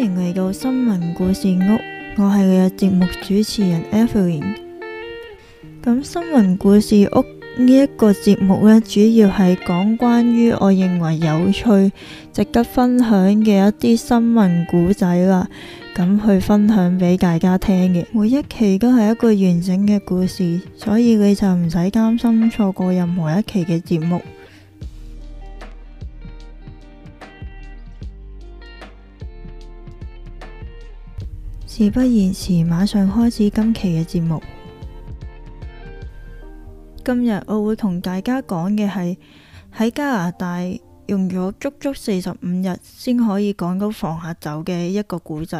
歡迎嚟到新聞故事屋，我係你嘅節目主持人 Evelyn。咁新聞故事屋呢一個節目呢，主要係講關於我認為有趣、值得分享嘅一啲新聞故仔啦，咁去分享俾大家聽嘅。每一期都係一個完整嘅故事，所以你就唔使擔心錯過任何一期嘅節目。而不宜遲，馬上開始今期嘅節目。今日我會同大家講嘅係喺加拿大用咗足足四十五日先可以趕到房客走嘅一個古仔。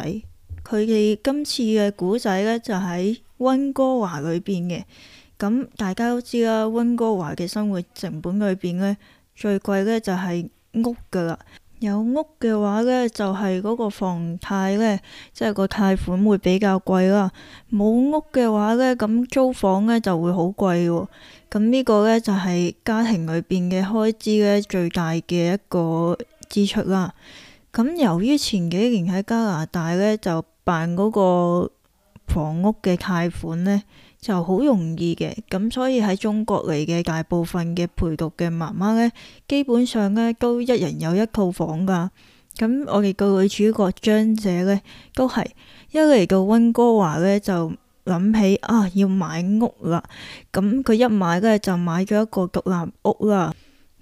佢哋今次嘅古仔呢，就喺、是、温哥華裏邊嘅。咁大家都知啦，温哥華嘅生活成本裏邊呢，最貴呢就係屋噶啦。有屋嘅話呢，就係嗰個房貸呢，即係個貸款會比較貴啦。冇屋嘅話呢，咁租房呢就會好貴。咁呢個呢，就係家庭裏邊嘅開支呢最大嘅一個支出啦。咁由於前幾年喺加拿大呢，就辦嗰個房屋嘅貸款呢，就好容易嘅，咁所以喺中國嚟嘅大部分嘅陪讀嘅媽媽呢，基本上呢都一人有一套房㗎。咁我哋個女主角張姐呢，都係，一嚟到温哥華呢，就諗起啊要買屋啦。咁佢一買呢，就買咗一個獨立屋啦。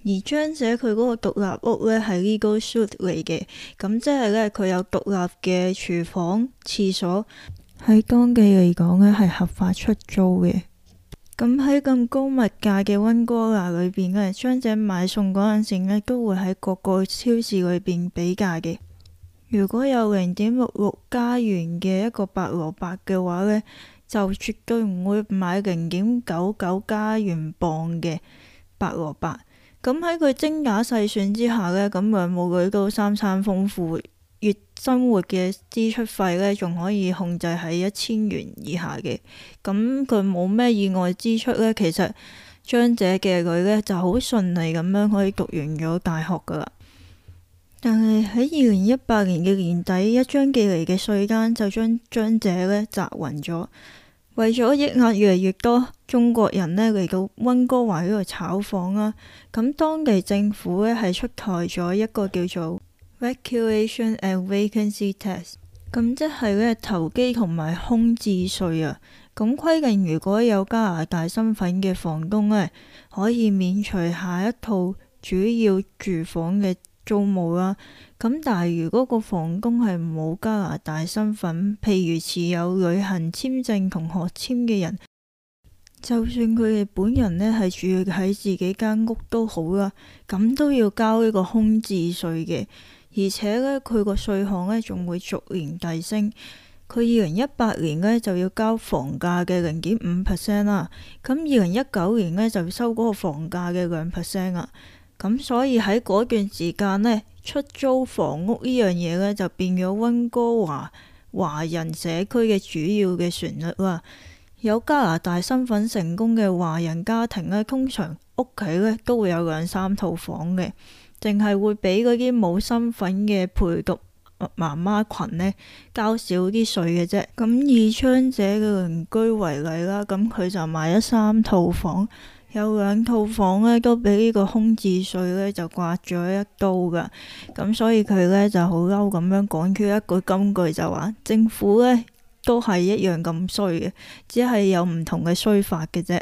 而張姐佢嗰個獨立屋呢，係 legal suite 嚟嘅，咁即係呢，佢有獨立嘅廚房、廁所。喺當地嚟講呢係合法出租嘅。咁喺咁高物價嘅温哥華裏邊咧，商者買餸嗰陣時呢，都會喺各個超市裏邊比價嘅。如果有零點六六加元嘅一個白蘿蔔嘅話呢，就絕對唔會買零點九九加元磅嘅白蘿蔔。咁喺佢精打細算之下呢，咁又冇鬼到三餐豐富。生活嘅支出費呢，仲可以控制喺一千元以下嘅，咁佢冇咩意外支出呢？其實張姐嘅佢呢，就好順利咁樣可以讀完咗大學噶啦。但係喺二零一八年嘅年底，一張寄嚟嘅稅單就將張姐呢砸暈咗。為咗抑壓越嚟越多，中國人呢，嚟到溫哥華呢度炒房啦。咁當地政府呢，係出台咗一個叫做 vacuation and vacancy t e s t 咁即係咧，投機同埋空置稅啊。咁規定如果有加拿大身份嘅房東呢，可以免除下一套主要住房嘅租務啦。咁但係如果個房東係冇加拿大身份，譬如持有旅行簽證同學簽嘅人，就算佢哋本人呢係住喺自己間屋都好啦，咁都要交呢個空置稅嘅。而且呢，佢個稅項呢仲會逐年遞升。佢二零一八年呢就要交房價嘅零點五 percent 啦，咁二零一九年呢就要收嗰個房價嘅兩 percent 啦。咁所以喺嗰段時間呢，出租房屋呢樣嘢呢，就變咗溫哥華華人社區嘅主要嘅旋律啦。有加拿大身份成功嘅華人家庭呢，通常屋企呢都會有兩三套房嘅。淨係會俾嗰啲冇身份嘅陪讀媽媽群呢交少啲稅嘅啫。咁以昌姐嘅鄰居為例啦，咁佢就買咗三套房，有兩套房呢，都俾呢個空置稅呢，就刮咗一刀噶。咁所以佢呢就好嬲咁樣講出一句金句就話：政府呢都係一樣咁衰嘅，只係有唔同嘅衰法嘅啫。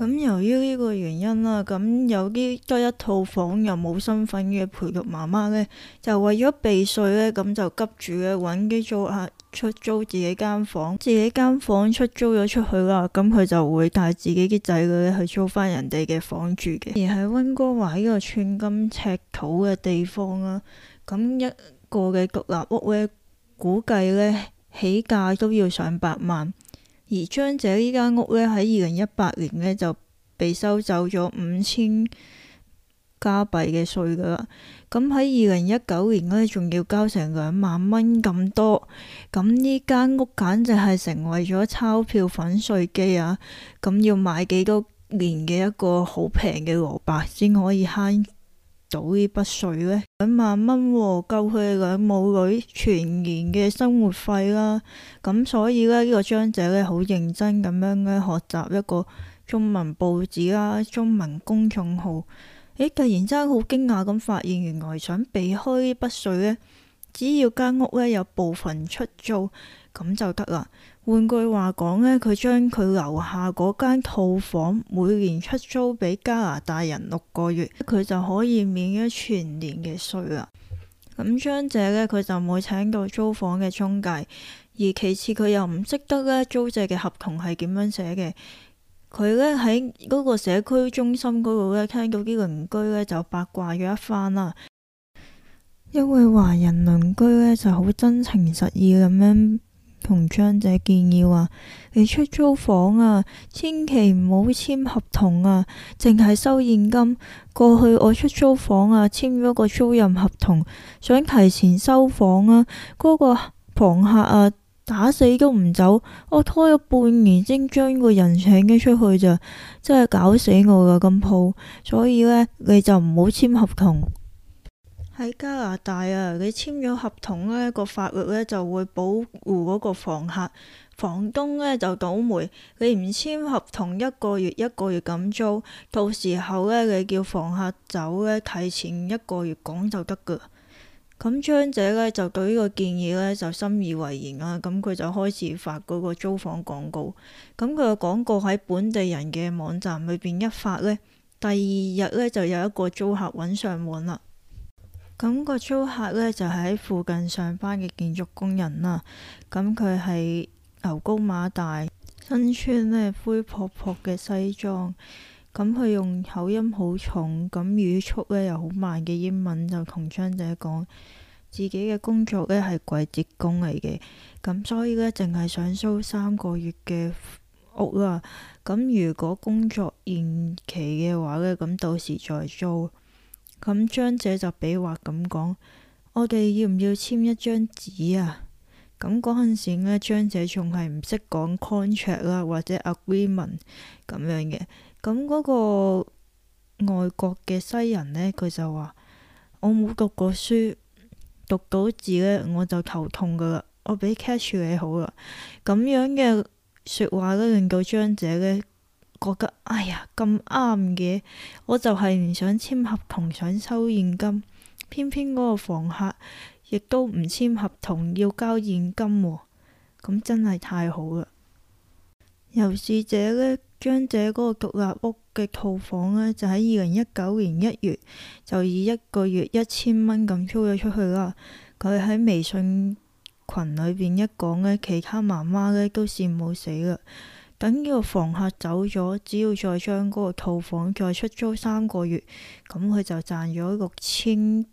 咁由於呢個原因啦，咁有啲得一套房又冇身份嘅陪讀媽媽呢，就為咗避稅呢，咁就急住嘅揾啲租客出租自己間房，自己間房出租咗出去啦，咁佢就會帶自己啲仔女去租翻人哋嘅房住嘅。而喺溫哥華呢個寸金尺土嘅地方啦，咁一個嘅獨立屋呢，估計呢起價都要上百萬。而張姐呢間屋呢，喺二零一八年呢就被收走咗五千加幣嘅稅噶啦。咁喺二零一九年呢，仲要交成兩萬蚊咁多。咁呢間屋簡直係成為咗鈔票粉碎機啊！咁要買幾多年嘅一個好平嘅蘿蔔先可以慳。到呢筆稅呢，兩萬蚊喎，夠佢兩母女全年嘅生活費啦。咁所以呢，呢、這個張姐呢，好認真咁樣呢學習一個中文報紙啦、中文公眾號。誒，突然之間好驚訝咁發現，原來想避開呢筆稅呢，只要間屋呢有部分出租咁就得啦。換句話講呢，佢將佢樓下嗰間套房每年出租俾加拿大人六個月，佢就可以免咗全年嘅稅啦。咁張姐呢，佢就冇請到租房嘅中介，而其次佢又唔識得呢租借嘅合同係點樣寫嘅。佢呢，喺嗰個社區中心嗰度呢，聽到啲鄰居呢就八卦咗一番啦。因為華人鄰居呢就好真情實意咁樣，同張姐建議話：你出租房啊，千祈唔好簽合同啊，淨係收現金。過去我出租房啊，簽咗個租賃合同，想提前收房啊，嗰、那個房客啊打死都唔走，我拖咗半年先將個人請咗出去咋，真係搞死我噶咁好。所以呢，你就唔好簽合同。喺加拿大啊，你簽咗合同咧，個法律咧就會保護嗰個房客，房東咧就倒霉，你唔簽合同一，一個月一個月咁租，到時候咧你叫房客走咧，提前一個月講就得噶。咁張姐咧就對呢個建議咧就深以為然啦。咁佢就開始發嗰個租房廣告。咁佢個廣告喺本地人嘅網站裏邊一發咧，第二日咧就有一個租客揾上門啦。咁個租客呢，就係喺附近上班嘅建築工人啦。咁佢係牛高馬大，身穿呢灰撲撲嘅西裝。咁佢用口音好重，咁語速呢又好慢嘅英文就同張姐講：自己嘅工作呢係季節工嚟嘅，咁所以呢，淨係想租三個月嘅屋啦。咁如果工作延期嘅話呢，咁到時再租。咁張姐就比劃咁講，我哋要唔要簽一張紙啊？咁嗰陣時呢，張姐仲係唔識講 contract 啦，或者 agreement 咁樣嘅。咁嗰個外國嘅西人呢，佢就話，我冇讀過書，讀到字呢我就頭痛噶啦，我俾 cash 你好啦。咁樣嘅說話呢，令到張姐呢。覺得，哎呀，咁啱嘅，我就係唔想簽合同，想收現金，偏偏嗰個房客亦都唔簽合同，要交現金喎、哦，咁真係太好啦！又是者呢，張姐嗰個獨立屋嘅套房呢，就喺二零一九年一月就以一個月一千蚊咁租咗出去啦。佢喺微信群裏邊一講呢，其他媽媽呢都羨慕死啦～等呢個房客走咗，只要再將嗰個套房再出租三個月，咁佢就賺咗六千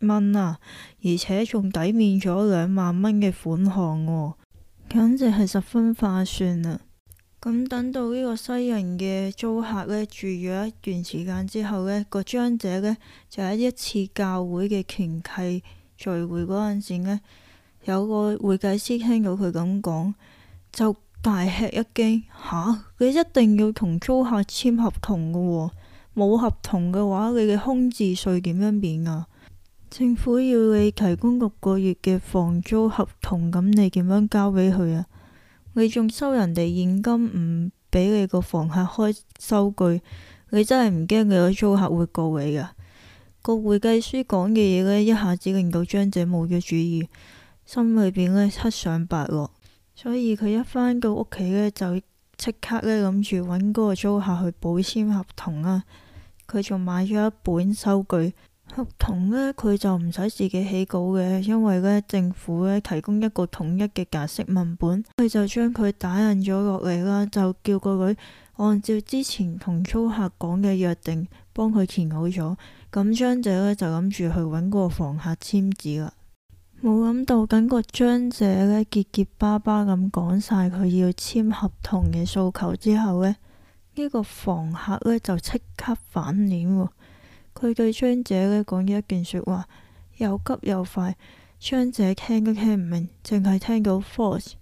蚊啊！而且仲抵免咗兩萬蚊嘅款項喎，簡直係十分化算啊！咁等到呢個西人嘅租客呢住咗一段時間之後呢個張姐呢就喺一次教會嘅團契聚會嗰陣時咧，有個會計師聽到佢咁講，就大吃一驚，吓、啊！你一定要同租客簽合同噶。哦，冇合同嘅話，你嘅空置稅點樣免啊？政府要你提供六個月嘅房租合同，咁你點樣交俾佢啊？你仲收人哋現金唔俾你個房客開收據，你真係唔驚佢個租客會告你噶，啊？個會計師講嘅嘢，呢，一下子令到張姐冇咗主意，心裏邊呢七上八落。所以佢一返到屋企呢，就即刻呢諗住揾嗰個租客去補簽合同啦。佢仲買咗一本收據合同呢，佢就唔使自己起稿嘅，因為呢政府呢提供一個統一嘅格式文本，佢就將佢打印咗落嚟啦，就叫個女按照之前同租客講嘅約定，幫佢填好咗，咁張姐呢，就諗住去揾嗰個房客簽字啦。冇諗到，緊個張姐呢結結巴巴咁講晒佢要簽合同嘅訴求之後咧，呢、呢個房客呢就即刻反臉喎。佢對張姐呢講咗一件說話，又急又快。張姐聽都聽唔明，淨係聽到 force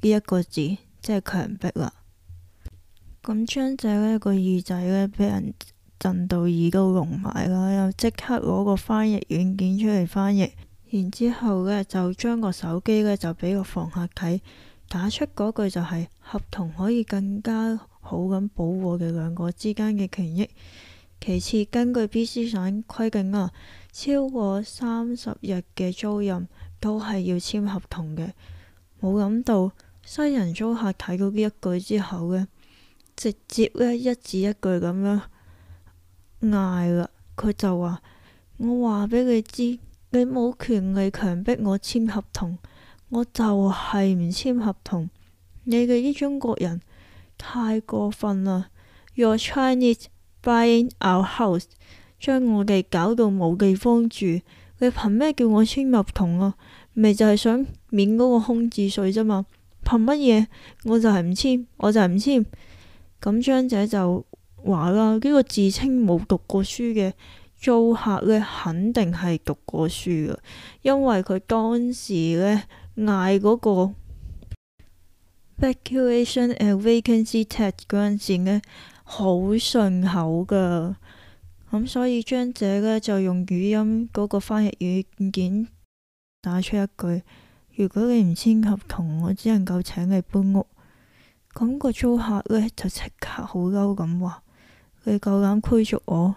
呢一個字，即係強迫啦。咁張姐呢個耳仔呢，俾人震到耳都聾埋啦，又即刻攞個翻譯軟件出嚟翻譯。然之後咧，就將個手機呢，就俾個房客睇，打出嗰句就係、是、合同可以更加好咁保護我哋兩個之間嘅權益。其次，根據 B.C 省規定啊，超過三十日嘅租賃都係要簽合同嘅。冇諗到新人租客睇到呢一句之後呢，直接咧一字一句咁樣嗌，啦，佢就話：我話俾佢知。你冇權利強迫我簽合同，我就係唔簽合同。你哋啲中國人太過分啦！Your Chinese buying our house，將我哋搞到冇地方住。你憑咩叫我簽合同啊？咪就係想免嗰個空置稅啫嘛。憑乜嘢我就係唔簽，我就係唔簽。咁張姐就話啦，呢個自稱冇讀過書嘅租客呢肯定係讀過書噶，因為佢當時呢嗌嗰、那個 vacation and vacancy tax 嗰陣時呢好順口噶，咁所以張姐呢就用語音嗰個翻譯軟件打出一句：如果你唔簽合同，我只能夠請你搬屋。咁、那個租客呢就即刻好嬲咁話：你夠膽驅逐我？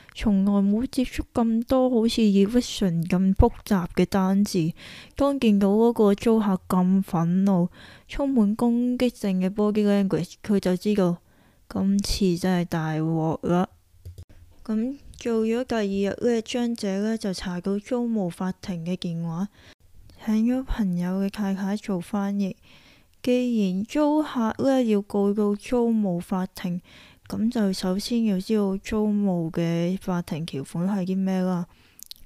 從來冇接觸咁多好似 eviction 咁複雜嘅單字，當見到嗰個租客咁憤怒、充滿攻擊性嘅 body language，佢就知道今次真係大鑊啦。咁做咗第二日呢，張姐呢，就查到租務法庭嘅電話，請咗朋友嘅太太做翻譯。既然租客呢要告到租務法庭，咁就首先要知道租務嘅法庭條款係啲咩啦。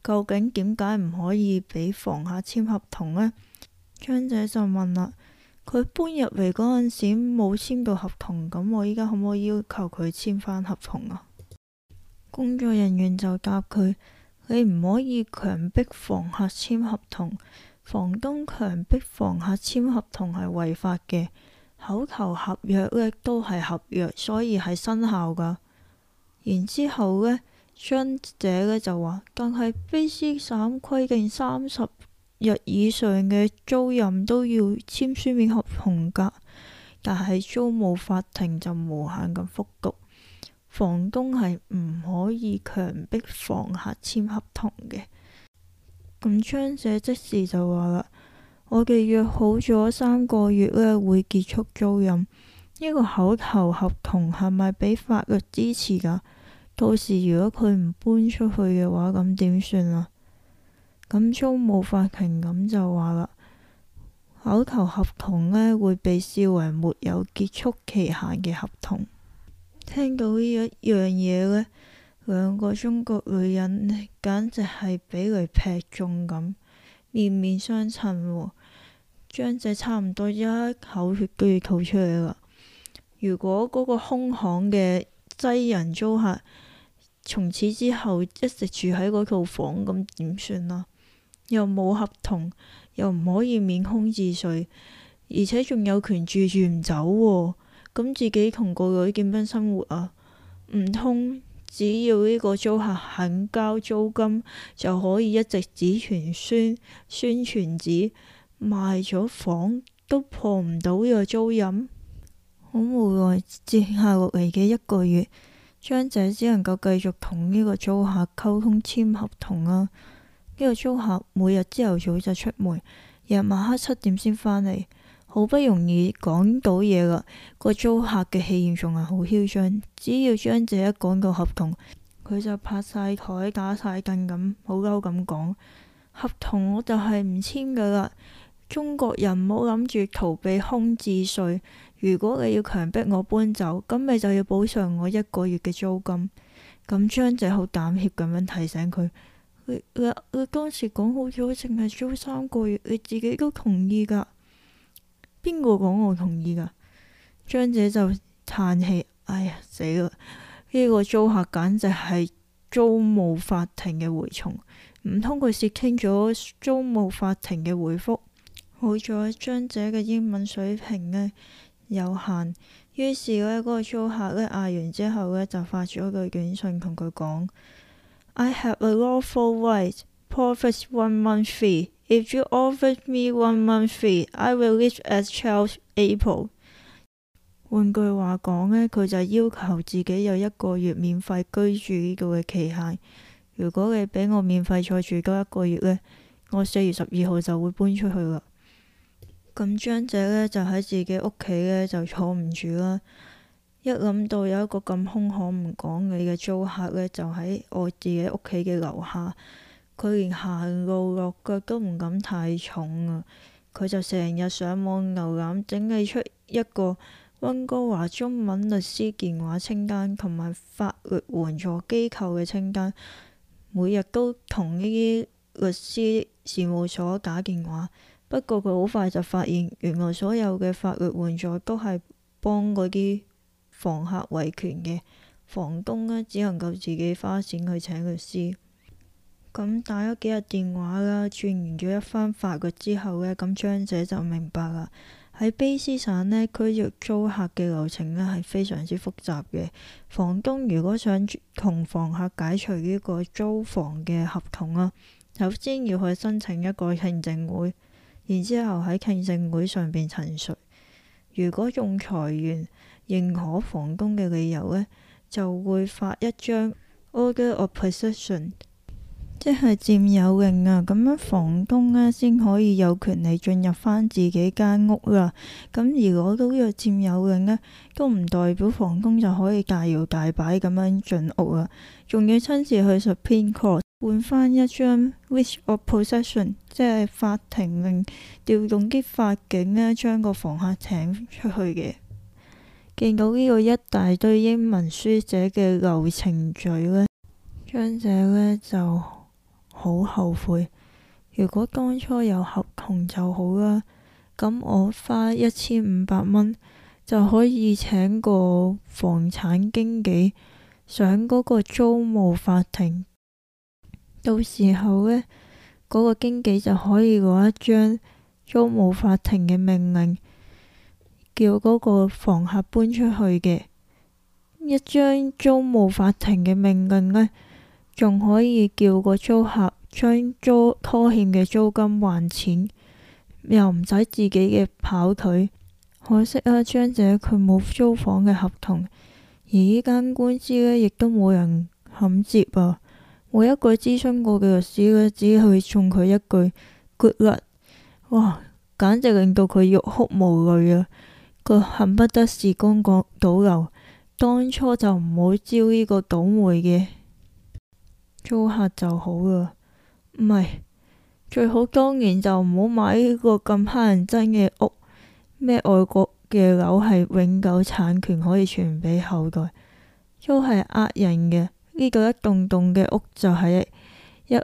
究竟點解唔可以俾房客簽合同呢？張姐就問啦，佢搬入嚟嗰陣時冇簽到合同，咁我依家可唔可以要求佢簽返合同啊？工作人員就答佢：你唔可以強迫房客簽合同，房東強迫房客簽合同係違法嘅。口頭合約咧都係合約，所以係生效噶。然之後咧，張姐咧就話，但係卑詩省規定，三十日以上嘅租任都要簽書面合同噶。但係租務法庭就無限咁復局，房東係唔可以強迫房客簽合同嘅。咁張姐即時就話啦。我哋約好咗三個月呢會結束租賃，呢個口頭合同係咪俾法律支持噶？到時如果佢唔搬出去嘅話，咁點算啊？咁租務法庭咁就話啦，口頭合同呢會被視為沒有結束期限嘅合同。聽到呢一樣嘢呢，兩個中國女人簡直係俾雷劈中咁。面面相親喎、哦，張姐差唔多一口血都要吐出嚟啦！如果嗰個空巷嘅擠人租客，從此之後一直住喺嗰套房，咁點算啊？又冇合同，又唔可以免空置稅，而且仲有權住住唔走喎、哦，咁自己同個女點樣生活啊，唔通？只要呢個租客肯交租金，就可以一直子傳孫，孫傳子，賣咗房都破唔到呢個租賃。好無奈，接下落嚟嘅一個月，張仔只能夠繼續同呢個租客溝通簽合同啦。呢個租客每日朝頭早就出門，日晚黑七點先返嚟。好不容易講到嘢啦，個租客嘅氣焰仲係好囂張。只要張姐一講到合同，佢就拍晒台、打晒凳咁，好嬲咁講合同，我就係唔簽噶啦。中國人唔好諗住逃避空置稅。如果你要強迫我搬走，咁你就要補償我一個月嘅租金。咁張姐好膽怯咁樣提醒佢：佢佢佢當時講好咗，淨係租三個月，你自己都同意㗎。邊個講我同意㗎？張姐就嘆氣，哎呀死啦！呢、這個租客簡直係租務法庭嘅蛔蟲，唔通佢竊聽咗租務法庭嘅回覆？好彩張姐嘅英文水平咧有限，於是呢嗰、那個租客咧嗌完之後呢，就發咗個短信同佢講：I have a lawful right provides one month fee。If you offer me one month free, I will leave at 12 April。換句話講呢，佢就要求自己有一個月免費居住呢度嘅期限。如果你俾我免費再住多一個月呢，我四月十二號就會搬出去啦。咁張姐呢就喺自己屋企呢就坐唔住啦，一諗到有一個咁空口唔講理嘅租客呢，就喺我自己屋企嘅樓下。佢連行路落腳都唔敢太重啊！佢就成日上網瀏覽，整理出一個溫哥華中文律師電話清單同埋法律援助機構嘅清單，每日都同呢啲律師事務所打電話。不過佢好快就發現，原來所有嘅法律援助都係幫嗰啲房客維權嘅，房東呢，只能夠自己花錢去請律師。咁打咗幾日電話啦，轉完咗一番法律之後呢，咁張姐就明白啦。喺卑詩省呢，驅逐租客嘅流程呢係非常之複雜嘅。房東如果想同房客解除呢個租房嘅合同啊，首先要去申請一個聽證會，然之後喺聽證會上邊陳述。如果仲裁員認可房東嘅理由呢，就會發一張 Order of Possession。即係佔有權啊，咁樣房東咧先可以有權利進入翻自己間屋啦。咁如果都有佔有令咧，都唔代表房東就可以大搖大擺咁樣進屋啊，仲要親自去 Supreme Court 換翻一張 writ of possession，即係法庭令調用啲法警咧將個房客請出去嘅。見到呢個一大堆英文書寫嘅流程序呢，張姐呢就～好後悔，如果當初有合同就好啦。咁我花一千五百蚊就可以請個房產經紀上嗰個租務法庭。到時候咧，嗰個經紀就可以攞一張租務法庭嘅命令，叫嗰個房客搬出去嘅一張租務法庭嘅命令咧。仲可以叫個租客將租拖欠嘅租金還錢，又唔使自己嘅跑腿。可惜啊，張姐佢冇租房嘅合同，而呢間官司呢，亦都冇人肯接啊。每一個諮詢過嘅律師咧，只去送佢一句 good luck」。哇，簡直令到佢欲哭無淚啊！佢恨不得是公講導遊，當初就唔好招呢個倒霉嘅。租客就好啦，唔係最好，當然就唔好買呢個咁乞人憎嘅屋。咩外國嘅樓係永久產權，可以傳俾後代，都係呃人嘅。呢個一棟棟嘅屋就係一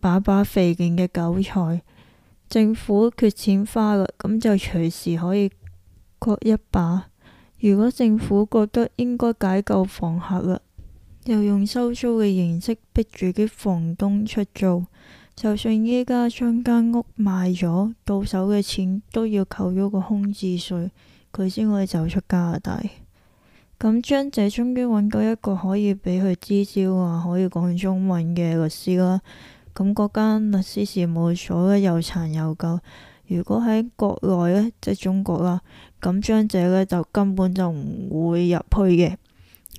把把肥勁嘅韭菜，政府缺錢花啦，咁就隨時可以割一把。如果政府覺得應該解救房客啦。又用收租嘅形式逼住啲房東出租，就算依家將間屋賣咗，到手嘅錢都要扣咗個空置稅，佢先可以走出加拿大。咁張姐終於揾到一個可以俾佢支招啊，可以講中文嘅律師啦。咁嗰間律師事務所咧又殘又舊，如果喺國內咧，即係中國啦，咁張姐咧就根本就唔會入去嘅。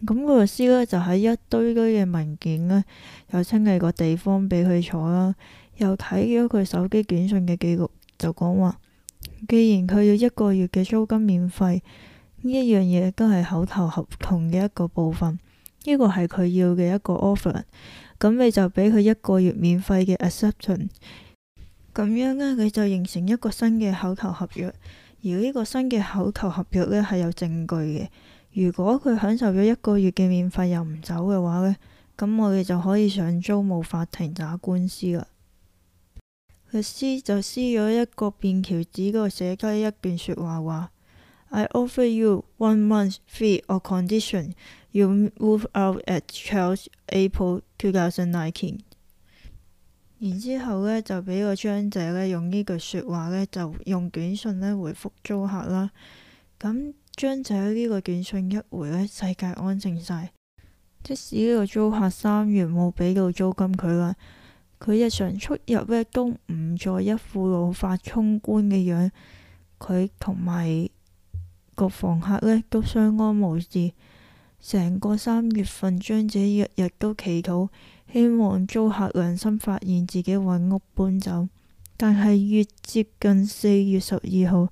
咁個律師呢，就喺一堆堆嘅文件呢，又清理個地方俾佢坐啦，又睇咗佢手機短信嘅記錄，就講話，既然佢要一個月嘅租金免費，呢一樣嘢都係口頭合同嘅一個部分，呢個係佢要嘅一個 offer，咁你就俾佢一個月免費嘅 acceptance，咁樣呢，佢就形成一個新嘅口頭合約，而呢個新嘅口頭合約呢，係有證據嘅。如果佢享受咗一個月嘅免費又唔走嘅話呢，咁我哋就可以上租務法庭打官司啦。律師就撕咗一個便條紙，嗰個寫雞一段說話話：，I offer you one month free or condition you move out at Charles April 2019. 然之後呢就俾個張姐呢用呢句說話呢，就用短信呢回覆租客啦，咁。張姐呢個短信一回，呢世界安靜晒。即使呢個租客三月冇俾到租金，佢喇佢日常出入呢都唔再一副怒髮衝冠嘅樣。佢同埋個房客呢都相安無事。成個三月份，張姐日日都祈禱，希望租客良心發現自己揾屋搬走。但係越接近四月十二號，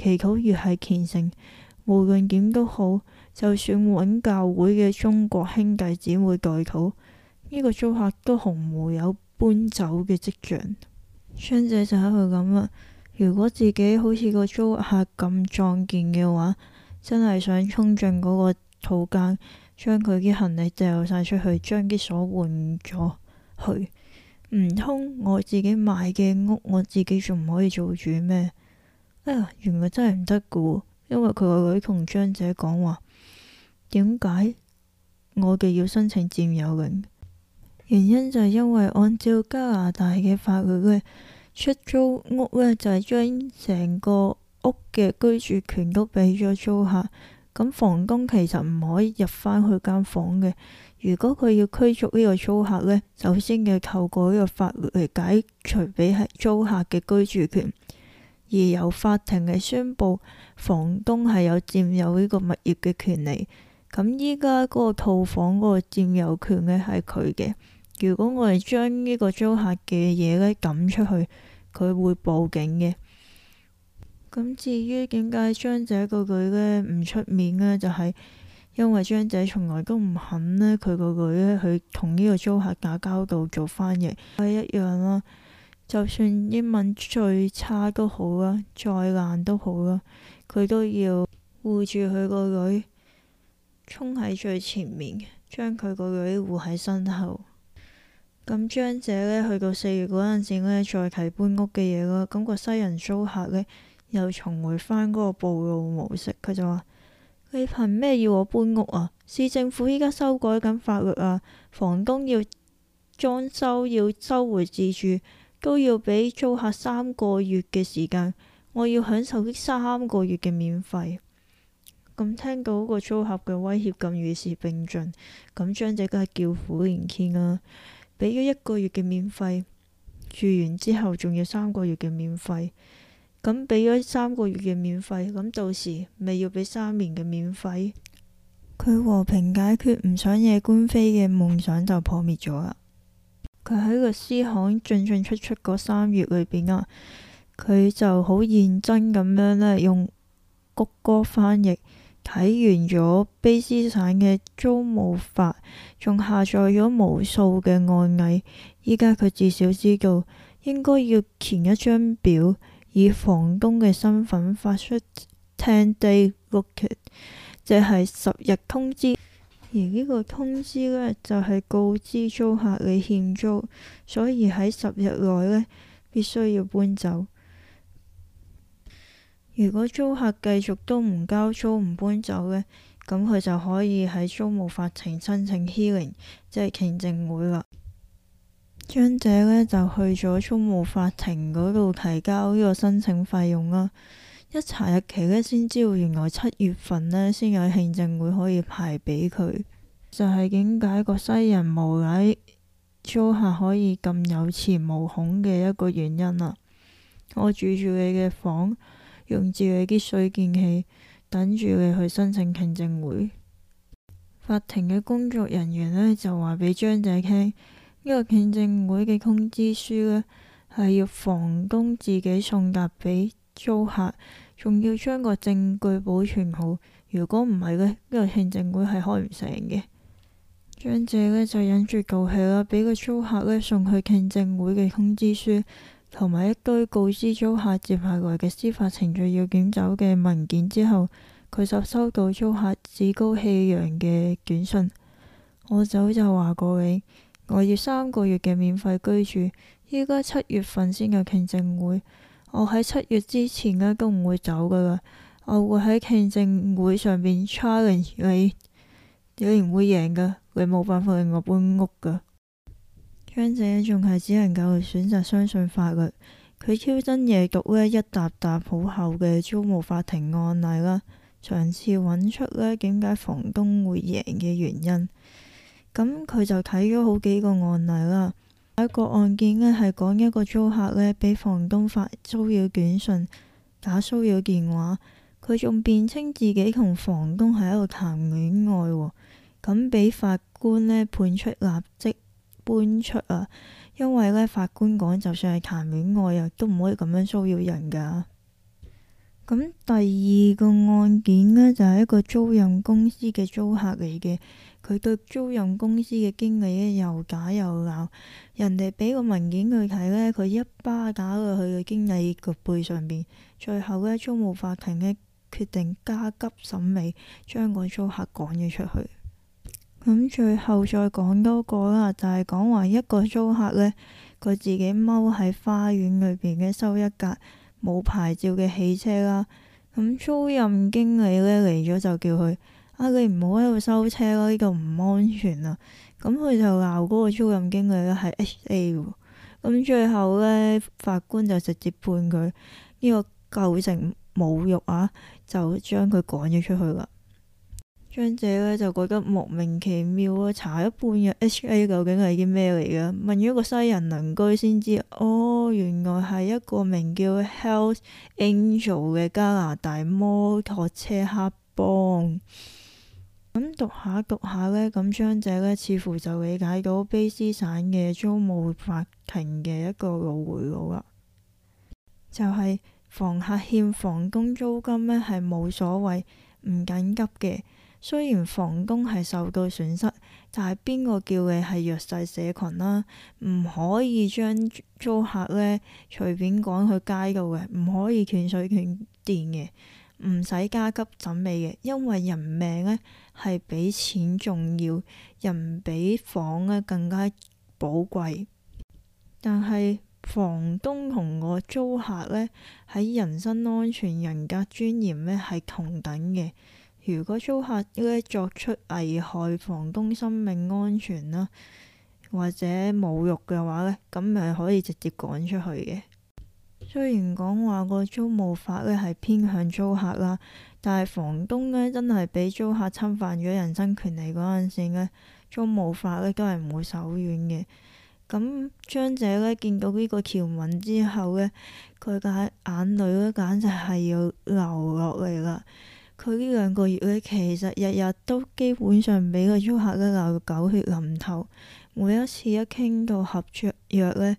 祈禱越係虔誠。無論點都好，就算搵教會嘅中國兄弟姊妹代禱呢個租客，都毫無有搬走嘅跡象。張姐就喺度咁啦。如果自己好似個租客咁壯健嘅話，真係想衝進嗰個套間，將佢啲行李掟晒出去，將啲鎖換咗去。唔通我自己買嘅屋，我自己仲唔可以做主咩？哎呀，原來真係唔得噶。因為佢個女同張姐講話，點解我哋要申請佔有權？原因就係因為按照加拿大嘅法律咧，出租屋咧就係將成個屋嘅居住權都俾咗租客，咁房東其實唔可以入返去間房嘅。如果佢要驅逐呢個租客呢，首先要透過呢個法律嚟解除俾租客嘅居住權。而由法庭嘅宣布，房東係有佔有呢個物業嘅權利。咁依家嗰個套房嗰個佔有權咧係佢嘅。如果我哋將呢個租客嘅嘢咧抌出去，佢會報警嘅。咁至於點解張仔個女咧唔出面咧，就係、是、因為張仔從來都唔肯咧，佢個女咧佢同呢個租客打交道做翻譯，係、就是、一樣啦。就算英文最差都好啦，再難都好啦，佢都要護住佢個女，衝喺最前面，將佢個女護喺身後。咁張姐咧去到四月嗰陣時咧再提搬屋嘅嘢咯，咁個西人租客咧又重回翻嗰個暴露模式，佢就話：你憑咩要我搬屋啊？市政府依家修改緊法律啊，房東要裝修要收回自住。都要畀租客三個月嘅時間，我要享受呢三個月嘅免費。咁、嗯、聽到個租客嘅威脅，咁於是並進咁，張、嗯、姐梗係叫苦連天啊！俾咗一個月嘅免費，住完之後仲要三個月嘅免費。咁俾咗三個月嘅免費，咁、嗯、到時咪要俾三年嘅免費？佢和平解決唔想惹官非嘅夢想就破滅咗啦。佢喺個書行進進出出嗰三月裏邊啊，佢就好認真咁樣呢，用谷歌翻譯睇完咗卑詩省嘅租務法，仲下載咗無數嘅案例。依家佢至少知道應該要填一張表，以房東嘅身份發出 ten day notice，即係十日通知。而呢個通知呢，就係告知租客你欠租，所以喺十日內呢必須要搬走。如果租客繼續都唔交租唔搬走呢，咁佢就可以喺租務法庭申請 hearing，即係聽證會啦。張姐呢，就去咗租務法庭嗰度提交呢個申請費用啦。一查日期呢，先知道原來七月份呢，先有聽證會可以派俾佢。就係點解個西人無賴租客可以咁有恃無恐嘅一個原因啦。我住住你嘅房，用住你啲水電器，等住你去申請聽證會。法庭嘅工作人員呢，就話俾張仔聽，呢個聽證會嘅通知書呢，係要房東自己送達俾。租客仲要將個證據保存好，如果唔係呢，呢個聽證會係開唔成嘅。張姐呢就忍住怒氣啦，俾個租客呢送去聽證會嘅通知書，同埋一堆告知租客接下來嘅司法程序要捲走嘅文件之後，佢就收到租客趾高氣揚嘅短信。我早就話過你，我要三個月嘅免費居住，依家七月份先有聽證會。我喺七月之前呢都唔會走噶啦，我會喺聽證會上面 challenge 你， 你唔會贏噶，你冇辦法令我搬屋噶。張 姐仲係只能夠選擇相信法律，佢挑真夜讀呢一沓沓好厚嘅租務法庭案例啦，嘗試揾出呢點解房東會贏嘅原因，咁佢就睇咗好幾個案例啦。第一個案件呢，係講一個租客呢，俾房東發騷擾短信、打騷擾電話，佢仲辯稱自己同房東係喺度談戀愛，咁俾法官呢判出立即搬出啊！因為呢法官講，就算係談戀愛啊，都唔可以咁樣騷擾人噶。咁第二個案件呢，就係一個租賃公司嘅租客嚟嘅。佢對租任公司嘅經理呢又打又鬧，人哋俾個文件佢睇呢，佢一巴打落去佢經理個背上邊，最後呢，租務法庭呢決定加急審理，將個租客趕咗出去。咁最後再講多個啦，就係講話一個租客呢，佢自己踎喺花園裏邊呢收一架冇牌照嘅汽車啦。咁租任經理呢，嚟咗就叫佢。啊！你唔好喺度收車咯，呢、這個唔安全啊！咁、嗯、佢就鬧嗰個租任經理咧係 H A。咁、嗯、最後呢，法官就直接判佢呢、這個構成侮辱啊，就將佢趕咗出去啦。張姐呢，就覺得莫名其妙啊，查一半日 H A 究竟係啲咩嚟嘅？問咗個西人鄰居先知哦，原來係一個名叫 Hells Angels 嘅加拿大摩托車黑幫。咁讀下讀下呢，咁張姐呢，似乎就理解到卑詩省嘅租務法庭嘅一個腦迴路啦，就係、是、房客欠房東租金呢，係冇所謂，唔緊急嘅。雖然房東係受到損失，但係邊個叫你係弱勢社群啦？唔可以將租客呢，隨便趕去街度嘅，唔可以斷水斷電嘅。唔使加急準備嘅，因為人命呢係比錢重要，人比房呢更加寶貴。但係房東同個租客呢，喺人身安全、人格尊嚴呢係同等嘅。如果租客呢作出危害房東生命安全啦，或者侮辱嘅話呢，咁咪可以直接趕出去嘅。雖然講話個租務法咧，係偏向租客啦，但係房東咧，真係俾租客侵犯咗人身權利嗰陣時咧，租務法咧都係唔會手軟嘅。咁張姐咧見到呢個條文之後咧，佢嘅眼淚咧簡直係要流落嚟啦。佢呢兩個月咧，其實日日都基本上俾個租客咧鬧到狗血淋頭，每一次一傾到合約咧。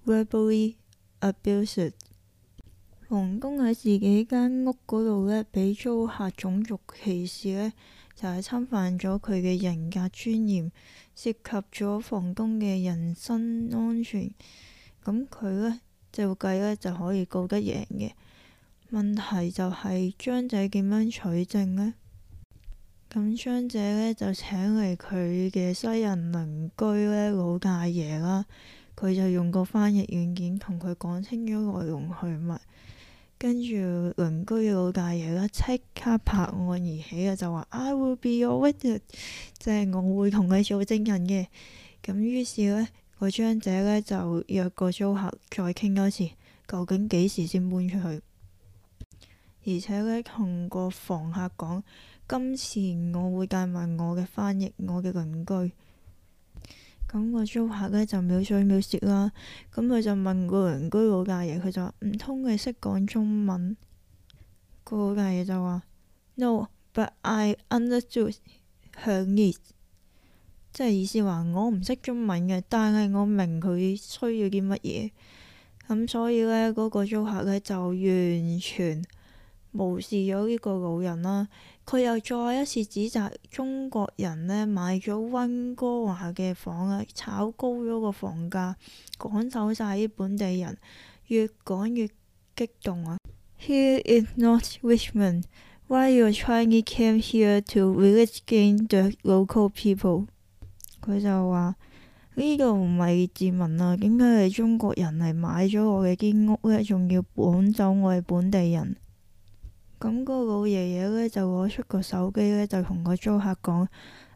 房屋被 a b u s e 房東喺自己間屋嗰度呢，俾租客種族歧視呢就係、是、侵犯咗佢嘅人格尊嚴，涉及咗房東嘅人身安全，咁佢呢就計呢就可以告得贏嘅。問題就係張姐點樣取證呢？咁張姐呢就請嚟佢嘅西人鄰居呢，老大爺啦。佢就用個翻譯軟件同佢講清咗內容去脈，跟住鄰居老大爺呢，即刻拍案而起啊！就話 I will be your witness，即係、就是、我會同佢做證人嘅。咁於是呢，嗰張姐呢就約個租客再傾多次，究竟幾時先搬出去？而且呢，同個房客講，今次我會帶埋我嘅翻譯，我嘅鄰居。咁個租客呢，就藐嘴藐舌啦，咁佢就問個鄰居老架嘢，佢就話唔通佢識講中文。個架嘢就話 No，but I understood his，即係意思話我唔識中文嘅，但係我明佢需要啲乜嘢。咁所以呢，嗰個租客呢，就完全無視咗呢個老人啦，佢又再一次指責中國人咧，買咗溫哥華嘅房啊，炒高咗個房價，趕走晒啲本地人，越講越激動啊。Here is not Richmond, why your Chinese came here to rich gain the local people？佢就話，呢個唔係自民啊，點解係中國人嚟買咗我嘅間屋咧？仲要趕走我哋本地人？咁個老爺爺呢，就攞出個手機呢，就同個租客講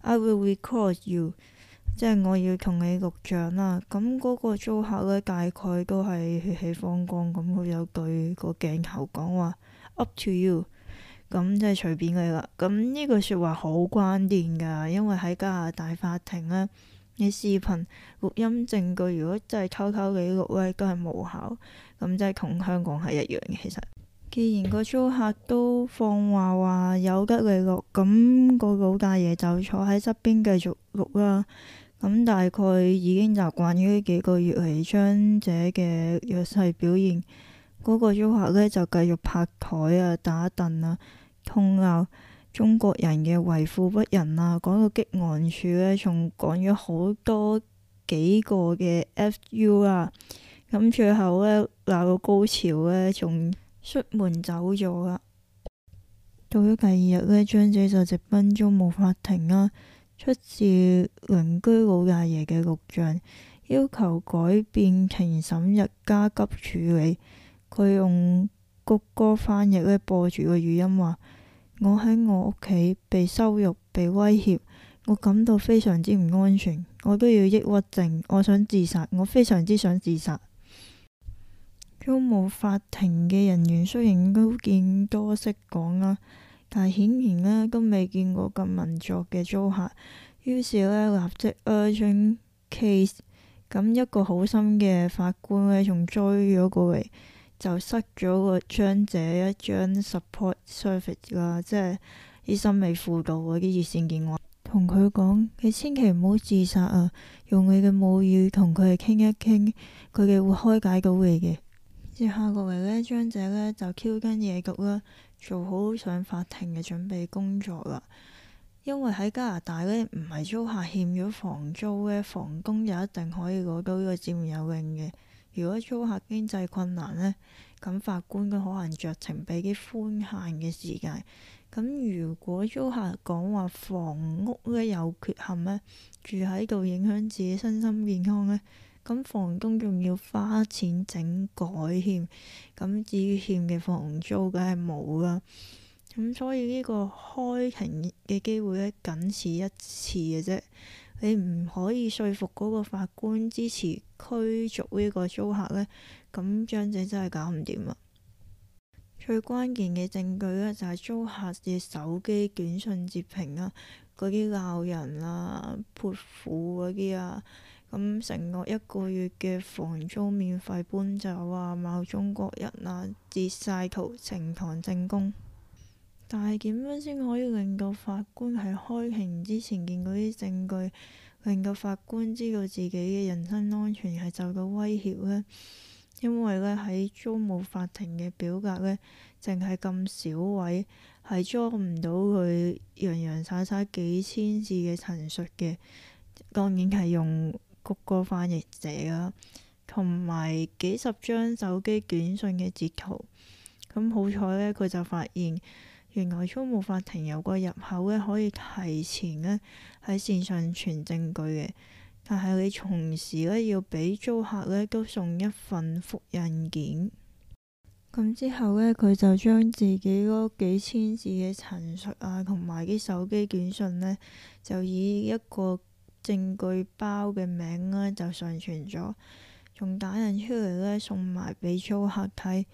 ：I will record you，即係我要同你錄像啦。咁嗰個租客呢，大概都係血氣方剛，咁佢有對個鏡頭講話：Up to you。咁即係隨便佢啦。咁呢句説話好關鍵㗎，因為喺加拿大法庭呢，你視頻錄音證據如果真係偷偷地錄呢，都係無效。咁即係同香港係一樣嘅，其實。既然個租客都放話話有得你錄，咁個老大爺就坐喺側邊繼續錄啦。咁大概已經習慣於幾個月嚟將自己嘅弱勢表現，嗰、那個租客呢，就繼續拍台啊、打凳啊、痛鬧、啊、中國人嘅為富不仁啊。講、那、到、個、激昂處呢，仲講咗好多幾個嘅 f u 啊。咁最後呢，鬧、那、到、個、高潮呢，仲出門走咗啦。到咗第二日呢張姐就直奔中慕法庭啦。出自鄰居老大爺嘅錄像，要求改變庭審日加急處理。佢用谷歌翻譯咧播住個語音話，我喺我屋企被羞辱、被威脅，我感到非常之唔安全，我都要抑鬱症，我想自殺，我非常之想自殺。租務法庭嘅人員雖然都見多識講啦，但係顯然呢，都未見過咁民族嘅租客，於是呢，立即 urgent case 咁。一個好心嘅法官呢，仲追咗過嚟，就塞咗個將這一張 support service 啦，即係醫生未輔導嗰啲熱線電話，同佢講：你千祈唔好自殺啊！用你嘅母語同佢哋傾一傾，佢哋會開解到你嘅。接下嚟呢張姐呢，就 q 根野局啦，做好上法庭嘅準備工作啦。因為喺加拿大呢，唔係租客欠咗房租呢，房東就一定可以攞到呢個佔有令嘅。如果租客經濟困難呢，咁法官佢可能酌情俾啲寬限嘅時間。咁如果租客講話房屋呢有缺陷呢，住喺度影響自己身心健康呢。咁房東仲要花錢整改欠，咁至於欠嘅房租梗係冇啦。咁所以呢個開庭嘅機會呢，僅此一次嘅啫，你唔可以說服嗰個法官支持驅逐呢個租客呢。咁張姐真係搞唔掂啦。最關鍵嘅證據呢，就係、是、租客嘅手機短信截屏啊，嗰啲鬧人啊、潑婦嗰啲啊。咁成、嗯、個一個月嘅房租免費搬走啊！某中國人啊，截晒圖呈堂證供。但係點樣先可以令到法官喺開庭之前見到啲證據，令到法官知道自己嘅人身安全係受到威脅呢？因為呢，喺租務法庭嘅表格呢，淨係咁少位係裝唔到佢洋洋灑灑幾千字嘅陳述嘅，當然係用。谷歌翻譯者啊，同埋幾十張手機短訊嘅截圖。咁好彩呢，佢就發現原來租務法庭有個入口呢，可以提前呢喺線上傳證據嘅。但係你同時呢要俾租客呢都送一份複印件。咁之後呢，佢就將自己嗰幾千字嘅陳述啊，同埋啲手機短訊呢，就以一個。證據包嘅名呢，就上傳咗，仲打印出嚟呢，送埋俾租客睇，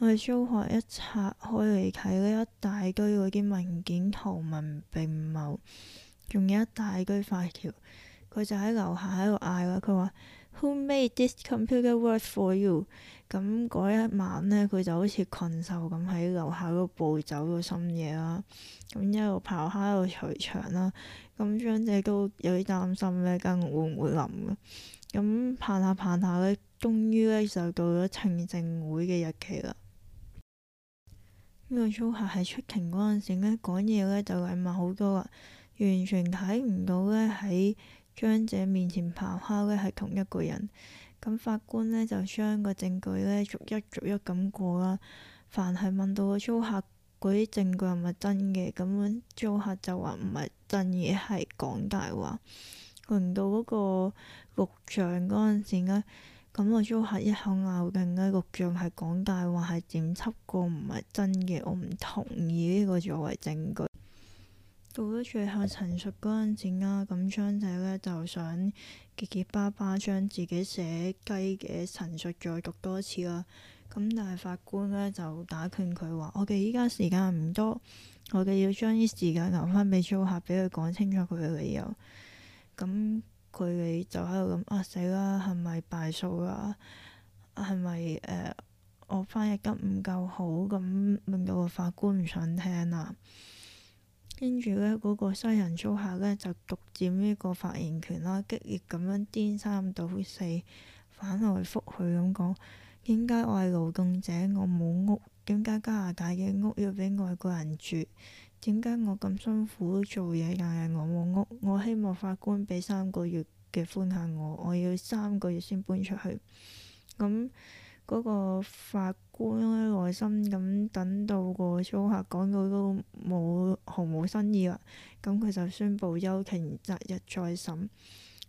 佢哋租客一拆開嚟睇呢，一大堆嗰啲文件圖文並茂，仲有一大堆法條，佢就喺樓下喺度嗌啦，佢話。Who made this computer work for you？咁嗰一晚呢，佢就好似困獸咁喺樓下度暴走咗深夜啦，咁一路跑下一路除牆啦，咁張姐都有啲擔心呢間屋會唔會冧啊。咁盼下盼下呢，終於呢就到咗聽證會嘅日期啦。呢 個租客喺出庭嗰陣時咧講嘢呢，呢就禮貌好多啊，完全睇唔到呢喺，將姐面前咆哮咧係同一個人，咁法官呢，就將個證據咧逐一逐一咁過啦。凡係問到個租客嗰啲證據係咪真嘅，咁租客就話「唔係真嘅」，係講大話。輪到嗰個錄像嗰陣時咧，咁個租客一口咬定呢，錄像係講大話，係檢測過唔係真嘅，我唔同意呢個作為證據。到咗最後陳述嗰陣時啦，咁張仔咧就想結結巴巴將自己寫雞嘅陳述再讀多次啦。咁但係法官咧就打勸佢話：我哋依家時間唔多，我哋要將啲時間留翻俾租客，俾佢講清楚佢嘅理由。咁佢哋就喺度咁啊死啦，係咪敗訴呀？係咪誒我翻譯得唔夠好？咁令到個法官唔想聽啦。跟住呢，嗰個西人租客呢，就獨佔呢個發言權啦，激烈咁樣顛三倒四，反來覆去咁講：點解我係勞動者，我冇屋？點解加拿大嘅屋要俾外國人住？點解我咁辛苦做嘢，又係我冇屋？我希望法官俾三個月嘅寬限我，我要三個月先搬出去。咁。嗰個法官耐心咁等到個租客講到都冇毫無新意啦，咁佢就宣布休庭，擇日再審。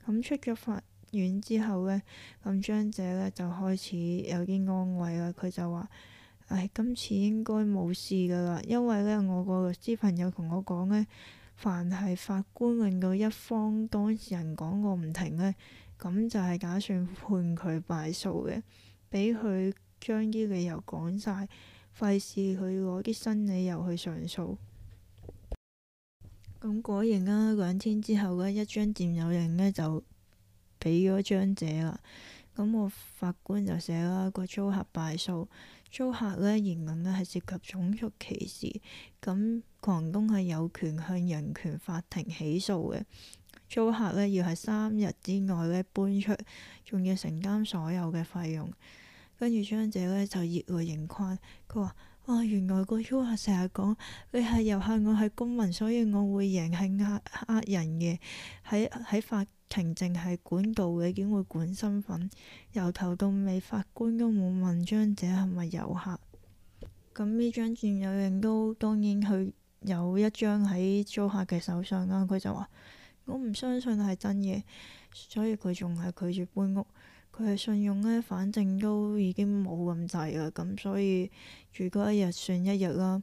咁出咗法院之後呢，咁張姐呢就開始有啲安慰啦。佢就話：唉，今次應該冇事噶啦，因為呢我個律師朋友同我講呢，凡係法官令到一方當事人講個唔停呢，咁就係打算判佢敗訴嘅。.俾佢將啲理由講晒，費事佢攞啲新理由去上訴。咁果然啦、啊，兩天之後呢，一張佔有人呢就俾咗張姐啦。咁我法官就寫啦、個租客敗訴，租客呢言論呢係涉及種族歧視，咁房東係有權向人權法庭起訴嘅。租客呢要喺三日之內呢搬出，仲要承擔所有嘅費用。跟住張姐呢，就熱淚盈眶，佢話：哦，原來個租客成日講你係遊客，我係公民，所以我會贏係呃呃人嘅。喺喺法庭淨係管道嘅，點會管身份？由頭到尾法官都冇問張姐係咪遊客。咁呢張戰友人都當然佢有一張喺租客嘅手上啦。佢就話：我唔相信係真嘢，所以佢仲係拒絕搬屋。佢嘅信用呢，反正都已經冇咁滯啊，咁所以住嗰一日算一日啦。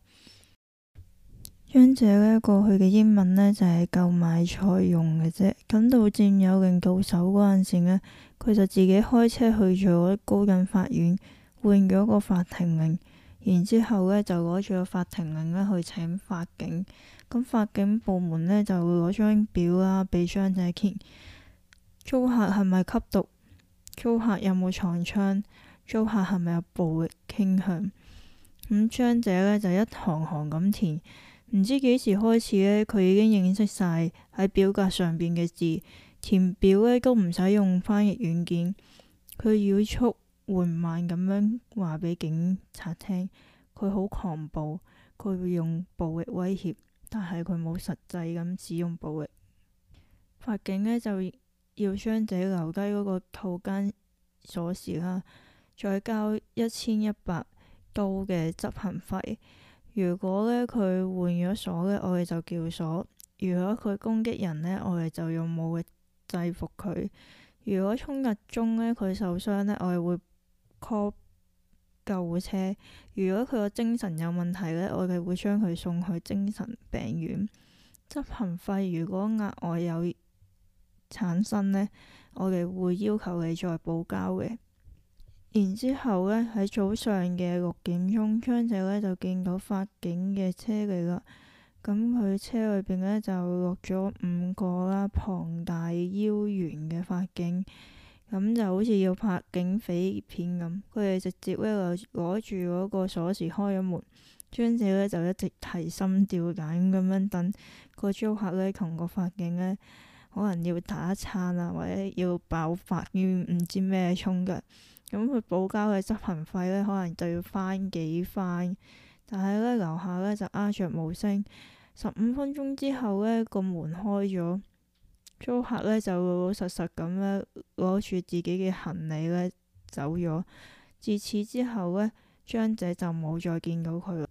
張姐呢，過去嘅英文呢，就係、是、夠買菜用嘅啫，等到佔有令到手嗰陣時呢，佢就自己開車去咗高等法院換咗個法庭令，然之後呢，就攞住個法庭令呢，去請法警，咁法警部門呢，就會攞張表啦、啊，俾張姐填，租客係咪吸毒？租客有冇藏槍？租客係咪有暴力傾向？咁張姐呢就一行行咁填，唔知幾時開始呢，佢已經認識晒喺表格上邊嘅字，填表呢都唔使用,用翻譯軟件，佢語速緩慢咁樣話俾警察聽，佢好狂暴，佢會用暴力威脅，但係佢冇實際咁使用暴力。法警呢就。要傷者留低嗰個套間鎖匙啦，再交一千一百刀嘅執行費。如果呢，佢換咗鎖呢，我哋就叫鎖；如果佢攻擊人呢，我哋就用武力制服佢；如果衝突中呢，佢受傷呢，我哋會 call 救護車；如果佢個精神有問題呢，我哋會將佢送去精神病院。執行費如果額外有。產生呢，我哋會要求你再補交嘅。然之後呢，喺早上嘅六點鐘，張姐呢就見到法警嘅車嚟啦。咁佢車裏邊呢，就落咗五個啦，龐大腰圓嘅法警。咁就好似要拍警匪片咁，佢哋直接呢攞住嗰個鎖匙開咗門。張姐呢，就一直提心吊膽咁樣等個租客呢，同個法警呢。可能要打一餐啊，或者要爆發於唔知咩衝擊，咁佢補交嘅執行費呢，可能就要翻幾番。但係呢，樓下呢就鴉雀無聲，十五分鐘之後呢，個門開咗，租客呢就老老實實咁呢攞住自己嘅行李呢走咗。自此之後呢，張姐就冇再見到佢。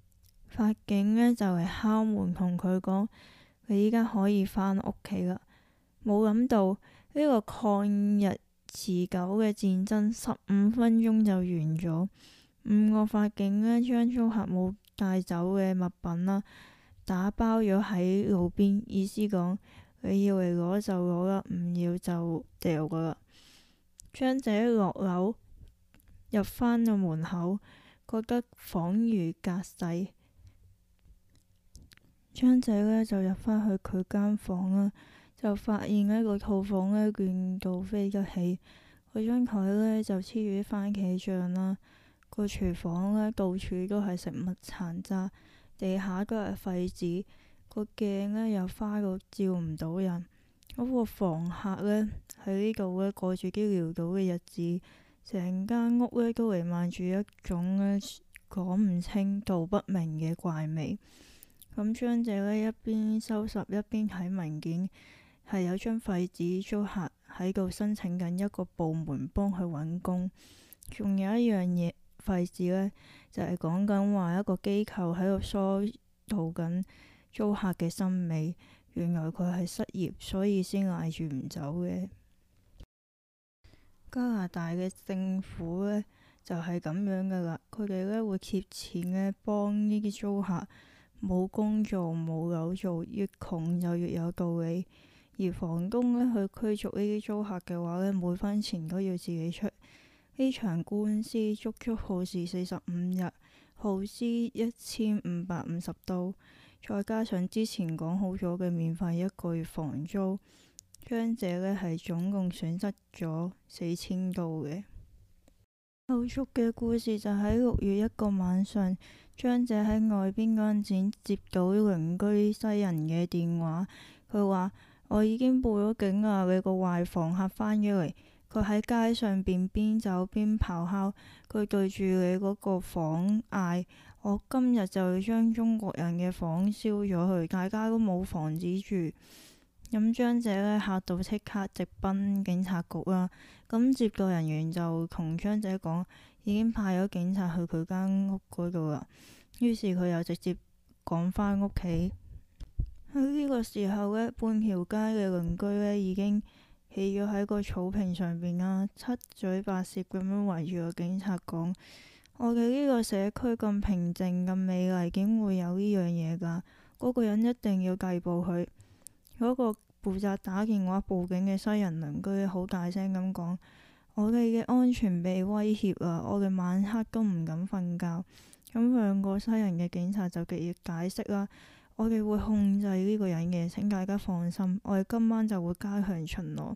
法警呢就係敲門同佢講：佢依家可以翻屋企啦。冇諗到呢個抗日持久嘅戰爭，十五分鐘就完咗。五個法警咧將租客冇帶走嘅物品啦，打包咗喺路邊，意思講，你要嚟攞就攞啦，唔要就掉噶啦。張仔落樓入返到門口，覺得恍如隔世。張仔呢就入返去佢間房啦。就發現呢、個套房呢，亂到飛得起，嗰張台呢就黐住啲番茄醬啦。個廚房呢，到處都係食物殘渣，地下都係廢紙。個鏡呢，又花到照唔到人。嗰個房客呢，喺呢度呢過住啲潦倒嘅日子，成間屋呢，都瀰漫住一種呢，講唔清道不明嘅怪味。咁張姐呢，一邊收拾一邊睇文件。係有張廢紙，租客喺度申請緊一個部門幫佢揾工。仲有一樣嘢廢紙呢，就係講緊話一個機構喺度疏導緊租客嘅心理。原來佢係失業，所以先賴住唔走嘅。加拿大嘅政府呢，就係咁樣噶啦，佢哋呢會貼錢咧幫呢啲租客冇工做、冇樓做，越窮就越有道理。而房東呢去驅逐呢啲租客嘅話呢，每分錢都要自己出。呢場官司足足耗時四十五日，耗資一千五百五十刀，再加上之前講好咗嘅免費一個月房租，張姐呢係總共損失咗四千刀嘅。後續嘅故事就喺、是、六月一個晚上，張姐喺外邊嗰陣接到鄰居西人嘅電話，佢話。我已經報咗警啊！你個壞房客翻咗嚟，佢喺街上邊邊走邊咆哮，佢對住你嗰個房嗌：我今日就要將中國人嘅房燒咗佢，大家都冇房子住。咁張姐呢，嚇到即刻直奔警察局啦。咁接待人員就同張姐講：已經派咗警察去佢間屋嗰度啦。於是佢又直接趕返屋企。喺呢個時候咧，半條街嘅鄰居咧，已經企咗喺個草坪上邊啦，七嘴八舌咁樣圍住個警察講： 我哋呢個社區咁平靜、咁 美麗，點會有呢樣嘢噶？嗰、那個人一定要緝捕佢。嗰、那個負責打電話報警嘅西人鄰居好大聲咁講： 我哋嘅安全被威脅啦！我哋晚黑都唔敢瞓覺。咁兩個西人嘅警察就極力解釋啦。我哋會控制呢個人嘅，請大家放心。我哋今晚就會加強巡邏。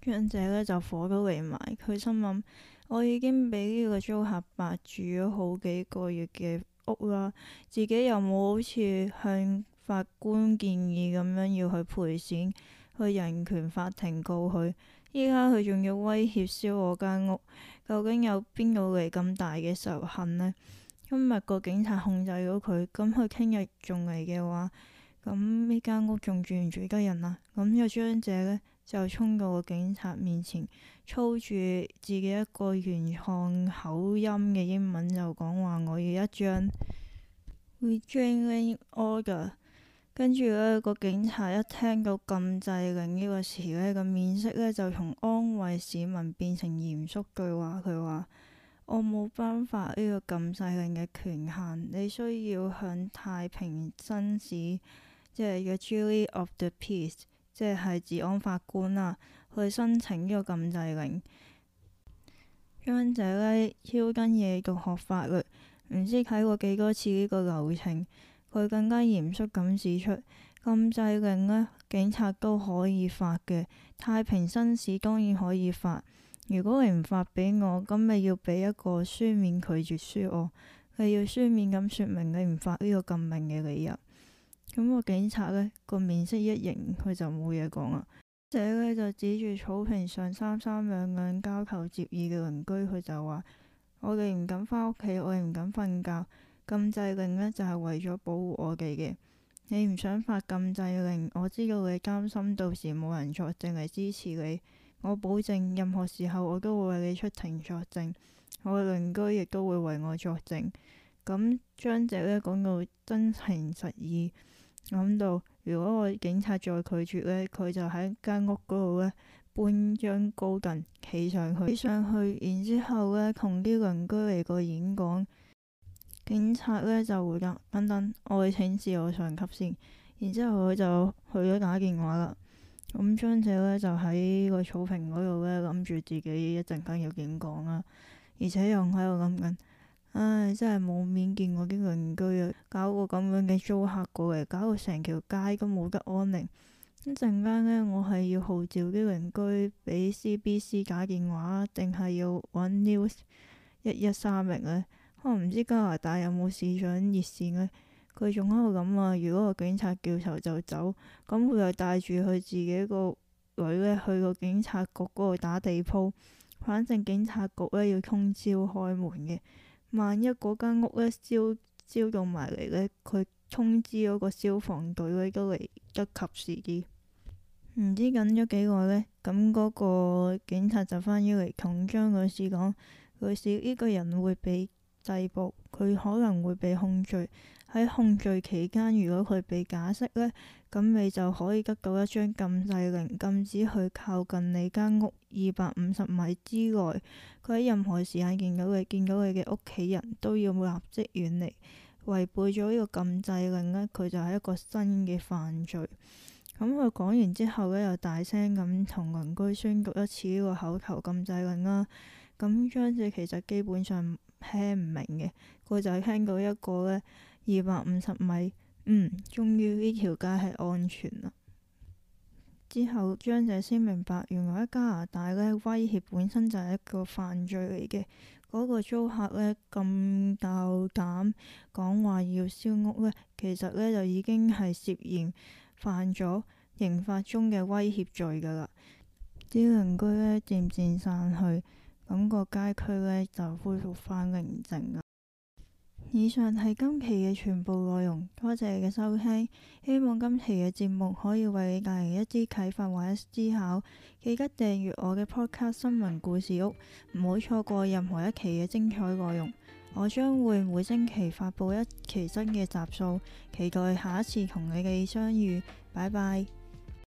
張姐呢就火都嚟埋，佢心諗我已經俾呢個租客白住咗好幾個月嘅屋啦，自己又冇好似向法官建議咁樣要去賠錢，去人權法庭告佢。依家佢仲要威脅燒我間屋，究竟有邊個嚟咁大嘅仇恨呢？今日個警察控制咗佢，咁佢聽日仲嚟嘅話，咁呢間屋仲住唔住得人啊？咁有張者呢，就衝到個警察面前，操住自己一個原創口音嘅英文就講話，我要一張，restraining order。跟住呢個警察一聽到禁制令呢個詞，呢個面色呢，就從安慰市民變成嚴肅句話，佢話。我冇頒發呢個禁制令嘅權限，你需要向太平紳士，即係 the Justice of the Peace，即係治安法官啦、啊，去申請呢個禁制令。張仔呢，超根嘢讀學法律，唔知睇過幾多次呢個流程。佢更加嚴肅咁指出，禁制令呢，警察都可以發嘅，太平紳士當然可以發。如果你唔發俾我，咁你要俾一個書面拒絕書我，你要書面咁說明你唔發呢個禁令嘅理由。咁個警察呢，個面色一凝，佢就冇嘢講啦。姐呢就指住草坪上三三兩兩交頭接耳嘅鄰居，佢就話：我哋唔敢返屋企，我哋唔敢瞓覺，禁制令呢，就係為咗保護我哋嘅。你唔想發禁制令，我知道你擔心到時冇人作證嚟支持你。我保證，任何時候我都會為你出庭作證。我嘅鄰居亦都會為我作證。咁張姐呢講到真情實意，諗到如果我警察再拒絕呢，佢就喺間屋嗰度呢搬張高凳企上去，企上去，然之後呢同啲鄰居嚟個演講，警察呢就會答等等，我請示我上級先。然之後佢就去咗打電話啦。咁張姐呢，就喺個草坪嗰度呢，諗住自己一陣間要點講啦，而且又喺度諗緊，唉，真係冇面見我啲鄰居啊！搞個咁樣嘅租客過嚟，搞到成條街都冇得安寧。一陣間呢，我係要號召啲鄰居俾 C B C 打電話，定係要揾 News 一一三零呢？我唔知加拿大有冇市長熱線呢。佢仲喺度諗啊！如果個警察掉頭就走，咁佢又帶住佢自己個女呢，去個警察局嗰度打地鋪。反正警察局呢要通宵開門嘅，萬一嗰間屋呢燒燒用埋嚟呢，佢通知嗰個消防隊呢都嚟得及時啲。唔知等咗幾耐呢，咁嗰個警察就翻咗嚟同張女士講，女士呢個人會被制捕，佢可能會被控罪。喺控罪期間，如果佢被假釋呢，咁你就可以得到一張禁制令，禁止佢靠近你間屋二百五十米之外。佢喺任何時間見到你，見到佢嘅屋企人都要立即遠離。違背咗呢個禁制令呢，佢就係一個新嘅犯罪。咁佢講完之後呢，又大聲咁同鄰居宣讀一次呢個口頭禁制令啦。咁、嗯、張姐其實基本上聽唔明嘅，佢就聽到一個呢。二百五十米，嗯，終於呢條街係安全啦。之後張姐先明白，原來喺加拿大呢，威脅本身就係一個犯罪嚟嘅。嗰、那個租客呢，咁夠膽講話要燒屋呢，其實呢就已經係涉嫌犯咗刑法中嘅威脅罪噶啦。啲鄰居呢漸漸散去，咁、那個街區呢就恢復翻寧靜啦。以上係今期嘅全部內容，多謝你嘅收聽。希望今期嘅節目可以為你帶嚟一啲啟發或者思考。記得訂閱我嘅 Podcast 新聞故事屋，唔好錯過任何一期嘅精彩內容。我將會每星期發佈一期新嘅集數，期待下一次同你嘅相遇。拜拜。